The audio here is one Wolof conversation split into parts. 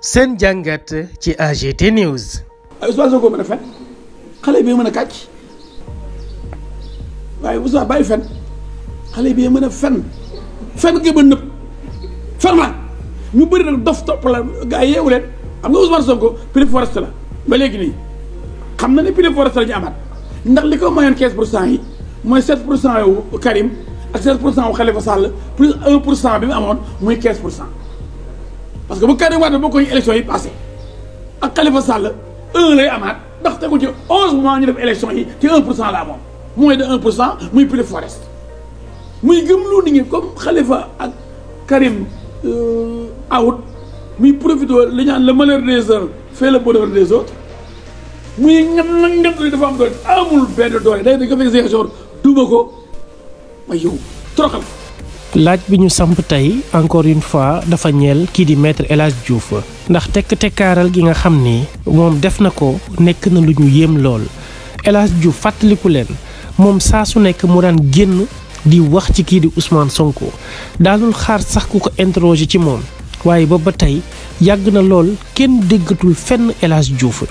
seen jàngat ci AGT News. ay Ousmane Sonko mën a xale bi mën a kàcc waaye Ousmane fen xale bi mën a fen fen gi ba nëb ferma ñu bëri nag dof topp la gaa yi yeewu leen xam nga Ousmane Sonko prix forest la ba léegi nii xam na ne prix forest la ñu amaat ndax li ko mayoon 15 pour cent yi mooy 7 pour cent wu Karim ak 7 pour cent wu Khalifa Sall plus 1 pour cent bi mu amoon muy 15 pour cent. parce que bu Karim Wade bokkoon ñu élection yi passé ak Khalifa Sall un lay amaat ndax tegu ci onze mois ñu def élection yi te un pour cent la amoon moins de un pour cent muy plus forest muy gëmloo nit ñi comme Khalifa ak Karim euh, out muy profité li ñu naan le malheur des uns fait le bonheur des autres muy ñam na ngat dafa am doole amul benn doole day da nga fekk seen jour ko ma yow troxal laaj bi ñu samp tey encore une fois dafa ñeel kii di maître El Hadj ndax tekk-tekkaaral gi nga xam ni moom def na ko nekk na lu ñu yéem lool El Hadj fàttaliku leen moom saa su nekk mu daan génn di wax ci kii di Ousmane Sonko daanul xaar sax ku ko interroger ci moom waaye ba ba tey yàgg na lool kenn déggatul fenn El Hadj Diouf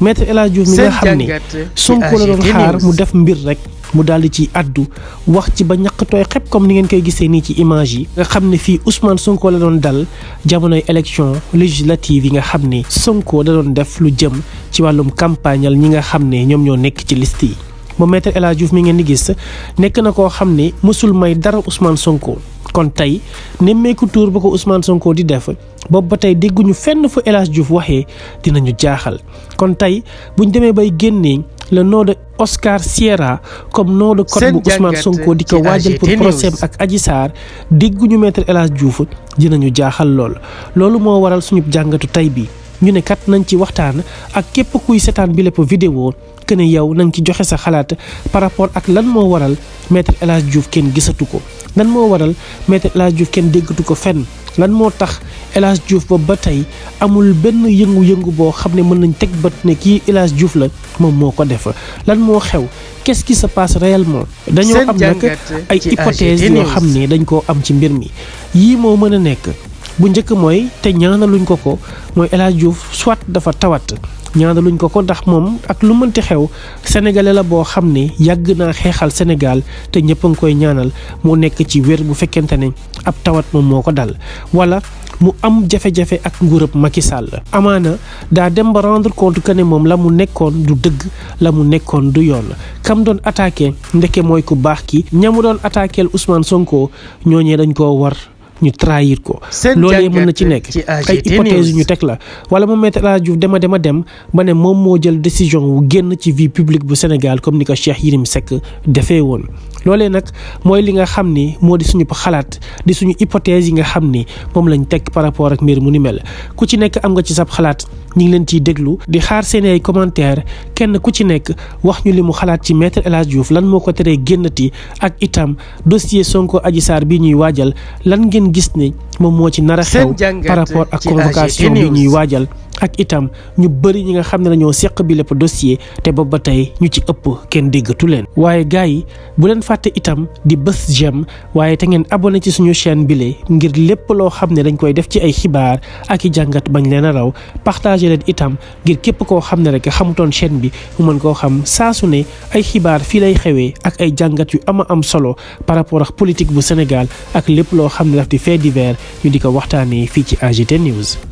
maître El Hadj Diouf mi nga xam ni Sonko la doon xaar mu def mbir rek mu daal di ci addu wax ci ba ñaq tooy xepp comme ni ngeen koy gisee nii ci image yi nga xam ne fii Ousmane Sonko la doon dal jamonoy élection législative yi nga xam ne Sonko da doon def lu jëm ci wàllum campagnal ñi nga xam ne ñoom ñoo nekk ci liste yi. moom maître El Hadj mi ngeen di gis nekk na koo xam ne mësul may dara Ousmane Sonko kon tey nemmeeku tuur ba ko Ousmane Sonko di def boobu ba tey dégguñu fenn fu El Hadj Diouf waxee dinañu jaaxal kon tey buñ demee bay génnee le nom de Oscar Sierra comme nom de code bu Ousmane Sonko di ko waajal pour procès ak Adji saar dégguñu maître El Hadj Diouf dinañu jaaxal lool loolu moo waral suñu jàngatu tey bi ñu ne kat nañ ci waxtaan ak képp kuy seetaan bi lépp vidéo que ne yow nañ ci joxe sa xalaat par rapport ak lan moo waral maître El Hadj Diouf kenn gisatu ko lan moo waral maître El Hadj kenn déggatu ko fenn lan moo tax El Hadj Diouf ba ba tey amul benn yëngu-yëngu boo xam ne mën nañ teg bët ne kii El Hadj la moom moo ko defa lan moo xew qu'est-ce qui se passe réellement. dañoo am nag ay hypothèses yoo xam ne dañ koo am ci mbir mi yii moo mën a nekk. bu njëkk mooy te ñaanaluñ ko ko mooy El Hadj soit dafa tawat ñaanaluñ ko ko ndax moom ak lu mënti xew sénégalais la boo xam ne yàgg naa xeexal Sénégal te ñëpp a ngi koy ñaanal moo nekk ci wér bu fekkente ne ab tawat moom moo ko dal wala mu am jafe-jafe ak nguurab Macky Sall amaana daa dem ba rendre compte que ne moom la mu nekkoon du dëgg la mu nekkoon du yoon kam doon attaqué ndeke mooy ku baax ki ñamu doon attaqué Ousmane Sonko ñooñee dañ koo war ñu trahir ko. loolee mën na ci nekk ay hypothèse ñu teg la. wala moom Maître El Hadji Diouf dema dema dem ba ne moom moo jël décision wu génn ci vie publique bu Sénégal comme ni ko Cheikh Yérim Seck defee woon. loolee nag mooy li nga xam ni moo di suñu xalaat di suñu hypothèse yi nga xam ni moom lañ teg par rapport ak mbir mu ni mel ku ci nekk am nga ci sab xalaat ñi ngi leen ciy déglu di xaar seen ay commentaire kenn ku ci nekk wax ñu li mu xalaat ci maître El Hadj lan moo ko teree génnati ak itam dossier Sonko Adji Sarr bi ñuy waajal lan ngeen gis ni moom moo ci nar a xew par rapport ak convocation bi ñuy waajal ak itam ñu bëri ñi nga xam ne dañoo seq bi lépp dossier te boobu ba tey ñu ci ëpp kenn déggatu leen. waaye gars yi bu leen fàtte itam di bës j'aime waaye te ngeen abonné ci suñu chaîne bile ngir lépp loo xam ne dañ koy def ci ay xibaar ak i jàngat bañ leen a raw partage leen itam ngir képp koo xam ne rek xamutoon chaîne bi mu mën koo xam saa su ne ay xibaar fii lay xewee ak ay jàngat yu ama am solo par rapport ak politique bu Sénégal ak lépp loo xam ne daf di fait di ko waxtaanee fii ci AGT News.